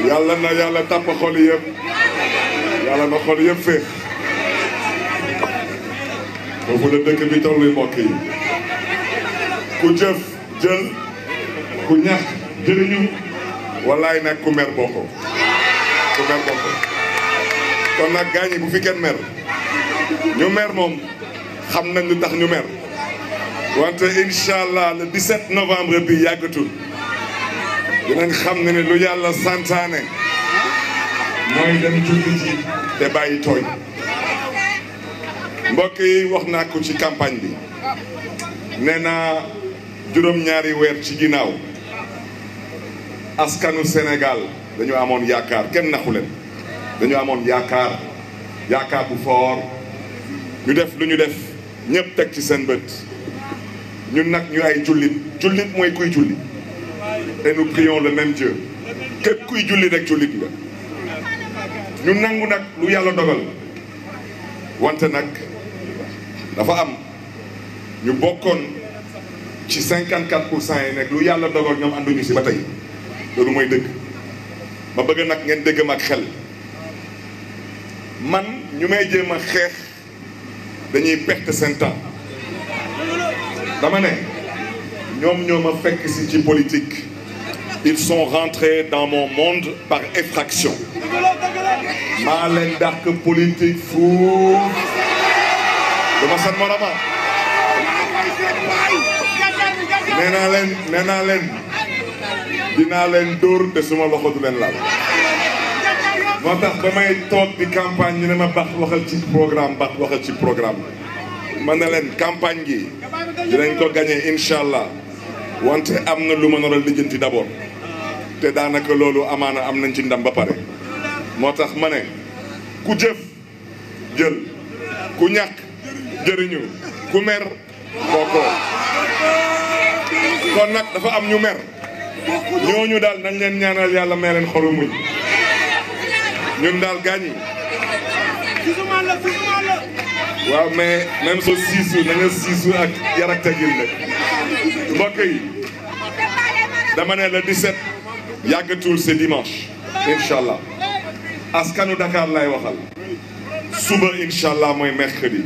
yàlla na yàlla tàpp xol yëpp yàlla na xol yëpp féex foofu la dëkk bi tollu mbokk yi ku jëf jël ku ñax jëriñu wallaay nag ku mer bokk ku mer bokk kon nag gaañi bu fi kenn mer ñu mer moom xam nañ tax ñu mer wante incha allah le 17 novembre bi yàggatul dinañ xam ne ne lu yàlla santaane mooy dem julli ji te bàyyi tooñ mbokk yi wax naa ko ci campagne bi nee naa juróom-ñaari weer ci ginnaaw askanu senegal dañu amoon yaakaar kenn naxu leen dañu amoon yaakaar yaakaar bu foor ñu def lu ñu def ñëpp teg ci seen bët ñun nag ñu ay jullit jullit mooy kuy julli et nous prions le même Dieu kuy julli rek jullit nga ñu nangu nag lu yàlla dogal wante nag dafa am ñu bokkoon ci 54 pour cent yi nekk lu yàlla dogal ñoom ànduñu si ba tey loolu mooy dëgg ma bëgg nag ngeen dëggam ak xel man ñu may jéem a xeex dañuy perte seen dama ne ñoom ñoo ma fekk si ci politique ils sont rentrés dans mon monde par effraction maa leen dàq politique fuuf dama seen moroma ah. nee naa leen nee naa leen dinaa leen dóor te suma loxo du leen laal moo tax ba may toog di campagne ñu ne ma bax waxal ci programme bax waxal ci programme ma ne leen campagne gi dinañ ko gagné incha allah wante am na lu ma nar a lijjanti d'abord te daanaka loolu amaana am nañ ci ndam ba pare moo tax ma ne ku jëf jël ku ñàkk jëriñu ku mer kookoo kon dafa am ñu mer ñooñu daal nañ leen ñaanal yàlla may leen xolu muñ ñun daal gaañi waaw mais même soo siisu na nga siisu ak yarak ak teggin mbokk yi dama ne la 17 yàggatul c'est dimanche incha allah askanu Dakar lay waxal suba incha mooy mercredi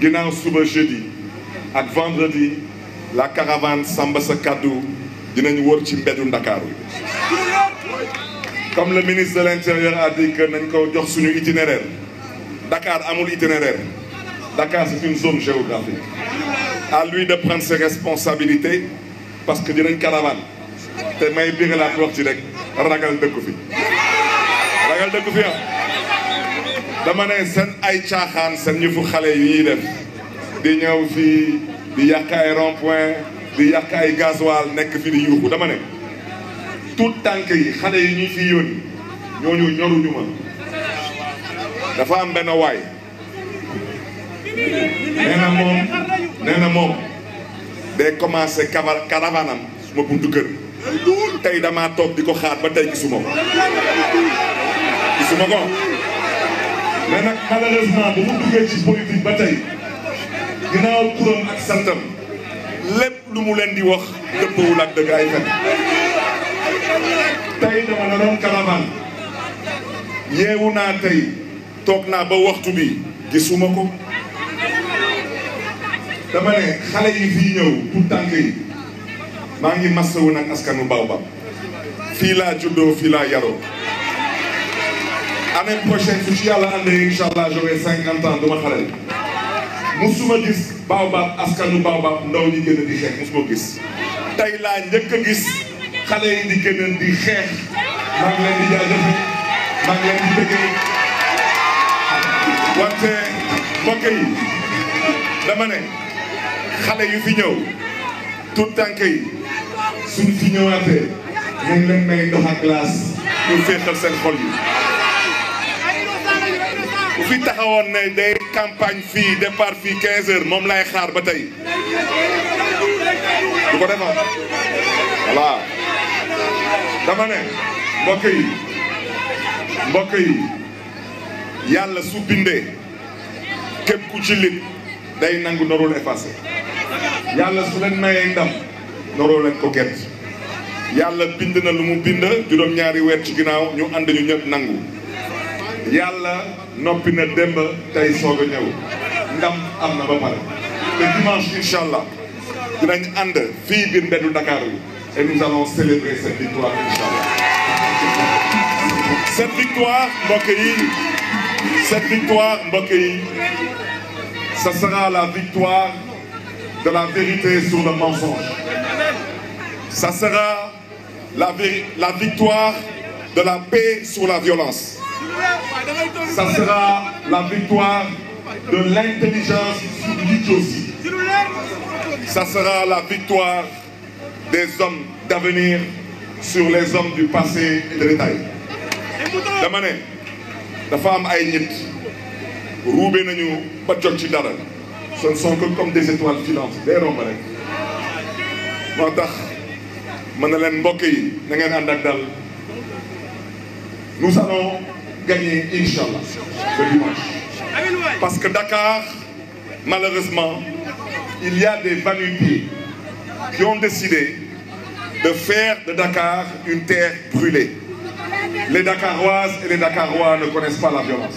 ginnaaw suba jeudi ak vendredi la caravane Sàmm Sa Kàddu dinañ wër ci mbedu Dakar comme le ministre de l'intérieur a dit nañ ko jox suñu itinéraire dakaar amul itinéraire Dakar c'est une zone géographique à lui de prendre ses responsabilités parce que dinañ caravane te may biralaat wax ci rek ragal dëkku fi ragal dëkku fi ah seen ay caaxaan seen ñu fu xale yi ñuy def di ñëw fii di yàq rond point di yàq ay nekk fi di yuuxu dama ne tout tànk yi xale yi ñuy fi yónni ñooñu ñoruñu ma dafa am benn waay moom nee na moom day commencé kava caravanam su ma buntu kër tey damaa toog di ko xaar ba tey gisuma ko gisuma ko mais nag malheureusement bu mu duggee ci politique ba tey ginnaaw turam ak santam lépp lu mu leen di wax dëppawul dëgg ay fen tey dama na doon caravane yeewu naa tey toog naa ba waxtu bi gisuma ko dama ne xale yi fii ñëw tout tànk yi maa ngi masawu nag askanu Baobab fii laa juddoo fii laa yaroo année prochaine su ci yàlla àndee incha allah j'aurai cinquante ans duma xale musuma gis Baobab askanu Baobab ndaw ñi gën di xeex musuma gis tey laa njëkk gis xale yi di gën di xeex maa ngi leen di jaajëfal maa ngi leen di bëggee wante mbokk yi dama ne xale yu fi ñëw tout tànk yi suñ fi ñëwaatee nañ leen may ndox ak glace pour féexal seen xol yi bu fi taxawoon ne day campagne fii départ fii 15 heures moom lay xaar ba tey du ko defaat voilà dama ne mbokk yi mbokk yi yàlla su bindee képp ku ci lim day nangu norul effacé yàlla su leen mayee ndam noroo leen ko gert yàlla bind na lu mu bind juróom-ñaari weer ci ginnaaw ñu ànd ñu ñëpp nangu yàlla noppi na démb tey soog a ñëw ndam am na ba pare te dimanche incha dinañ ànd fii biir mbeddu Dakar bi et nous allons victoire incha allah victoire mbokk yi cette victoire mbokk yi ça sera victoire de la vérité sur le mensonge. Ça sera la, la victoire de la paix sur la violence. Ça sera la victoire de l'intelligence sur l'idiotie. Ça sera la victoire des hommes d'avenir sur les hommes du passé et de détail. dama ne dafa am ay nit ruube nañu ba jot ci dara ce ne sont que comme des étoiles filantes day romb rek moo tax mën na leen mbokk yi na ngeen ànd dal nous allons gagner inchallah le dimanche parce que Dakar malheureusement il y a des va-nu-pieds qui ont décidé de faire de Dakar une terre brûlée les Dakaroises et les Dakarois ne connaissent pas la violence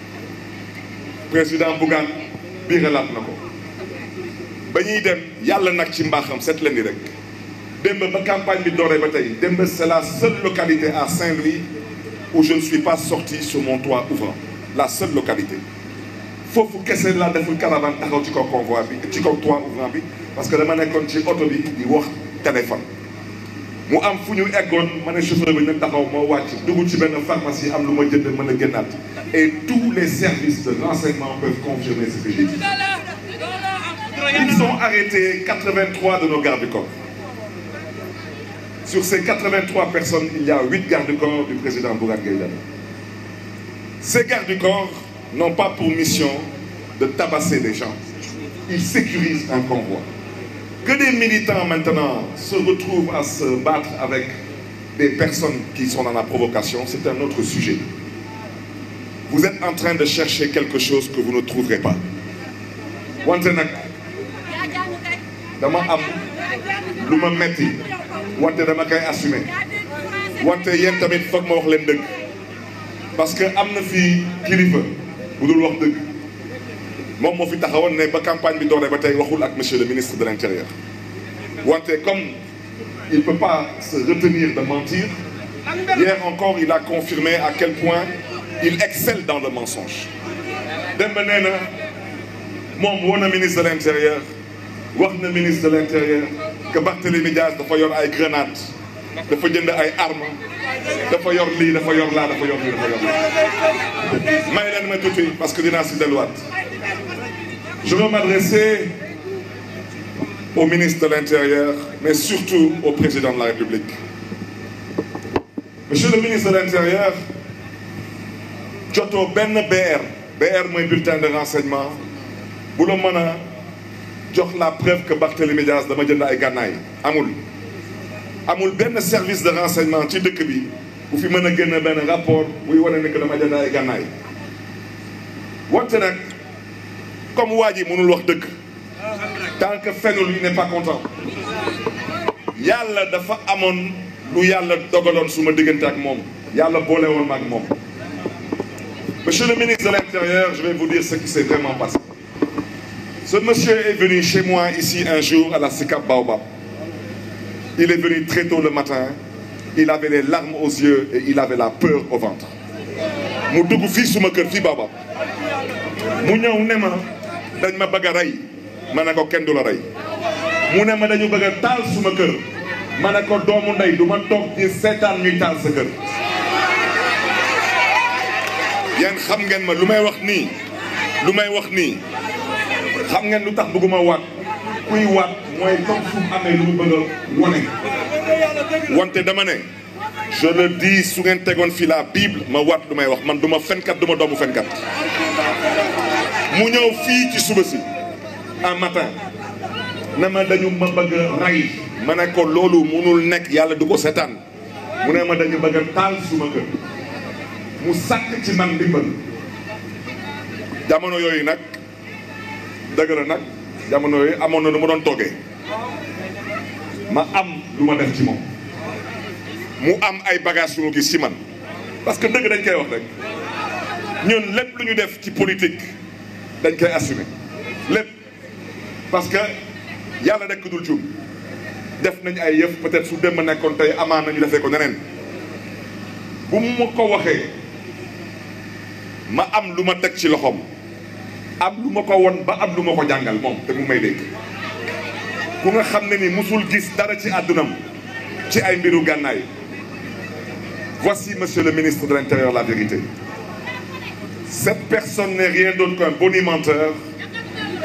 président Bougane bii xalaat na ko ba ñuy dem yàlla nag ci mbaaxam set leen rek démb ba campagne bi dooree ba tey démb c'est la seule localité à Saint-Louis où je ne suis pas sorti sur mon toit ouvrant la seule localité foofu kese laa deful caravane taxaw ci kaw convoi bi ci kaw toit ouvrant bi parce que dama nekkoon ci oto bi di wax téléphone mu am fu ñu eggoon ma ne chauffeur bi nag taxaw moo wàcc dugg ci benn pharmacie am lu ma jënd mën a génnaat et tous les services de renseignement peuvent confirmer ce que j'ai dit. Ils ont arrêté 83 de personnes, il y a 8 gardes président Bourad Gaïdani. Ces gardes-corps n'ont pas mission de tabasser des gens. un convoi. des militants maintenant se retrouvent à se battre avec des personnes qui sont la provocation, c'est un autre vous êtes en train de chercher quelque chose que vous ne trouverez pas wante nag dama am lu ma metti wante dama koy assumer wante yéen tamit foog ma wax leen dëgg parce que am na fii kilifa bu dul wax dëgg moom fi taxawoon ne ba campagne bi dooree ba tey waxul ak monsieur le ministre de l'intérieur wante comme il peut pas se retenir de mentir hier encore il a confirmé à quel point il excelle dans le mensonge démb nee na moom woo na ministre de l' intérieur wax na ministre de l' que Barthélémy Diaz dafa yor ay grenade dafa jënd ay arme dafa yor lii dafa yor laa dafa parce que dinaa si delluwaat je veux ministre de l'intérieur mais surtout au président de la république monsieur le ministre de l'intérieur jotoo benn BR BR mooy bulletin de renseignement bu la mën a jox la preuve que Barthélémy Dias ay gànnaay amul amul benn service de renseignement ci dëkk bi bu fi mën a génn benn rapport buy wane ne que gànnaay wante nag comme waa ji mënul wax dëgg tank que fenul il n'est pas content yàlla dafa amoon lu yàlla dogaloon suma diggante ak moom yàlla boole woon ma moom Monsieur le ministre de l'Intérieur, je vais vous dire ce qui s'est vraiment passé. Ce monsieur est venu chez moi ici un jour à la SICAP Baobab. Il est venu très tôt le matin. Il avait les larmes aux yeux et il avait la peur au ventre. mu dugg fii suma kër fii Baobab mu ñëw ne ma dañ ma bëgg rey ma ne ko kenn du la rey mu ne ma dañu bëgg a taal suma kër ma ne doomu ndey du ma toog di seetaan ñuy taal sa kër. yéen xam ngeen ma lu may wax nii lu may wax nii xam ngeen lu tax bëgguma waat kuy waat mooy comme su amee lu mu wante dama ne je le dis su ngeen tegoon fii la Bible ma wat lu may wax man du ma fenkat du ma doomu fenkat mu ñëw fii ci suba si un matin na dañu ma bëgg a rey ma na ko loolu munul nekk yàlla du ko setaan mu nee ma dañu bëgg a taal suma kër mu sàkk ci man ndimbal jamono yooyu nag dëgg la nag jamono yooyu amoon na nu ma doon toggee ma am lu ma def ci moom mu am ay bagages yu ma gis man parce que dëgg dañ koy wax rek ñun lépp lu ñu def ci politique dañ koy assumer lépp parce que yàlla rek dul cuum def nañ ay yëf peut-être su dem nekkoon tey amaan nañu defee ko neneen bu mu ma ko waxee ma am lu ma teg ci loxoom am lu ma ko won ba am lu ma ko jàngal moom te mu may dégg ku nga xam ne ni musul gis dara ci àddunam ci ay mbiru gànnaay voici monsieur le ministre de l'intérieur la vérité cette personne n'est rien d'autre qu'un bonimenteur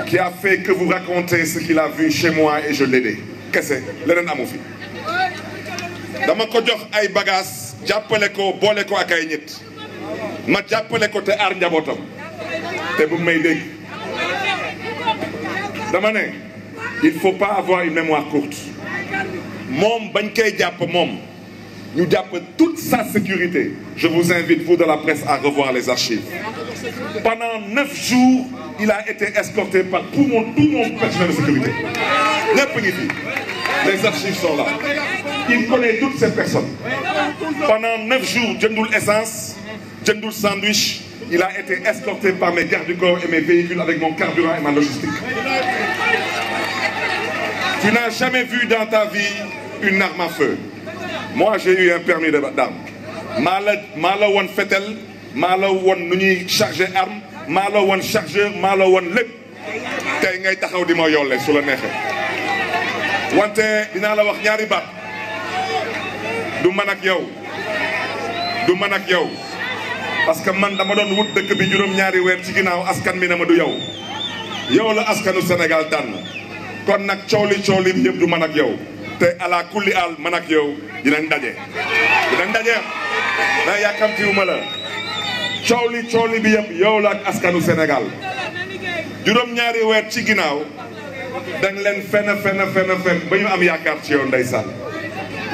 qui a fait que vous racontez ce qu'il a vu chez moi et je l'ai kese leneen amu fi dama ko jox ay bagages jàppale ko boole ko ak ay nit ma jàppale ko te aar njabootam te bu may dégg ne il faut pas avoir une mémoire courte moom bañ koy jàpp moom ñu jàpp toute sa sécurité je vous invite vous de la presse à revoir les archives pendant neuf jours il a été escorté par tout mon tout mon personnel de sécurité ñëpp les archives sont là il connaît toutes ces personnes pendant neuf jours jëndul essence jëndul sandwich il a été escorté par mes gardes et mes véhicules avec mon carburant et ma logistique tu n'as jamais vu dans ta vie une arme à feu moi j'ai eu un permis d'arme maa la maa la woon fetel chargé arme maa la chargeur maa la woon lépp tey ngay taxaw di ma le su la neexee wante dinaa la wax ñaari baat du man ak yow du man ak yow parce que man dama doon wut dëkk bi juróom-ñaari weer ci ginnaaw askan bi ne ma du yow yow la askanu Sénégal tànn kon nag coow li coow yëpp du man ak yow te ala al man ak yow dinañ daje. dinañ daje ndax yàkkamtiwuma la coow li bi yëpp yow la ak askanu Sénégal juróom-ñaari weer ci ginnaaw dañ leen fenn fenn fenn ba ñu am yaakaar ci yow ndeysaan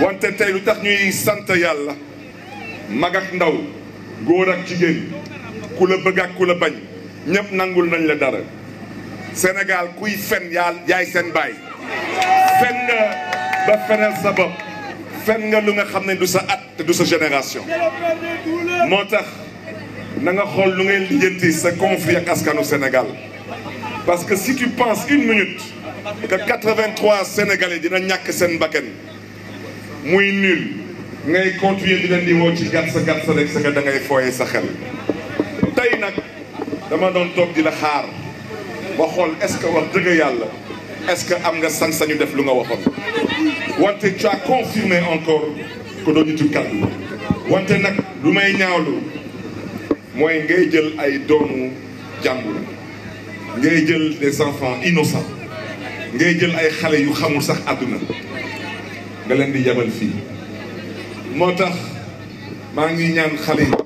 wante tey lu tax ñuy sant yàlla mag ndaw. góor ak jigéen ku la bëgg ak ku la bañ ñëpp nangul nañ la dara Sénégal kuy fen yaa yaay seen baay fen nga ba fenal sa fen nga lu nga xam ne du sa at te du sa génération moo tax na nga xool lu ngay lijjanti sa conflit ak askanu Sénégal parce que si tu penses une minute que 83 dina ñàkk seen bakkan muy nul ngay continuer di leen di woo ci gàtt sa gàtt sa rek sa da ngay fooyee sa xel tey nag dama doon toog di la xaar ba xool est-ce que wax dëgg yàlla est-ce que am nga san sañu def lu nga waxoon wante ca as confirmé encore que doo nitu kàddu wante nag lu may ñaawlu mooy ngay jël ay doomu jàmbur ngay jël de des enfants innocents ngay jël ay xale yu xamul sax àdduna nga leen di yabal fii moo tax maa ngi ñaan xale yi